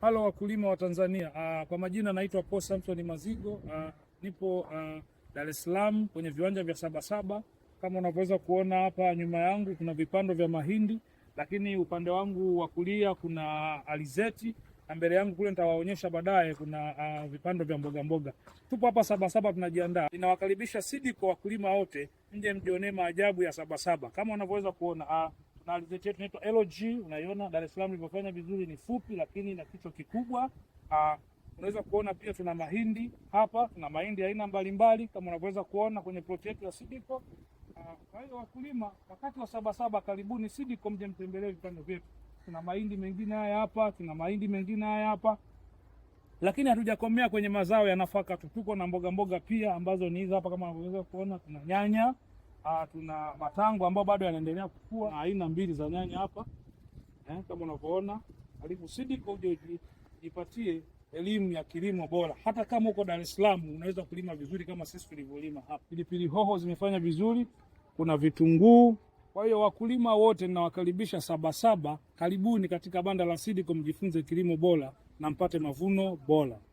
Halo wakulima wa Tanzania. Uh, kwa majina naitwa Paul Samson Mazigo. Uh, nipo uh, Dar es Salaam kwenye viwanja vya Sabasaba. Kama unavyoweza kuona hapa nyuma yangu kuna vipando vya mahindi, lakini upande wangu wa kulia kuna alizeti na mbele yangu kule nitawaonyesha baadaye kuna uh, vipando vya mboga mboga. Tupo hapa Sabasaba tunajiandaa. Ninawakaribisha sidi kwa wakulima wote, nje mjionee maajabu ya Sabasaba. Kama unavyoweza kuona uh, na gazeti yetu inaitwa LG. Unaiona Dar es Salaam ilivyofanya vizuri, ni fupi lakini na kichwa kikubwa. Ah, unaweza kuona pia tuna mahindi hapa, tuna mahindi aina mbalimbali kama unavyoweza kuona kwenye plot yetu ya Sidiko. Ah, kwa hiyo wakulima, wakati wa Sabasaba karibuni Sidiko, mje mtembelee vipande vyetu. Tuna mahindi mengine haya hapa, tuna mahindi mengine haya hapa lakini hatujakomea kwenye mazao ya nafaka tu, tuko na mboga mboga pia ambazo ni hizi hapa, kama unavyoweza kuona, tuna nyanya Ah, tuna matango ambayo bado yanaendelea kukua na aina mbili za nyanya hapa eh, kama unavyoona. alipo Sidiko uje jipatie elimu ya kilimo bora. Hata kama uko Dar es Salaam unaweza kulima vizuri kama sisi tulivyolima hapa. Pilipili hoho zimefanya vizuri, kuna vitunguu. Kwa hiyo wakulima wote ninawakaribisha Sabasaba, karibuni katika banda la Sidiko mjifunze kilimo bora na mpate mavuno bora.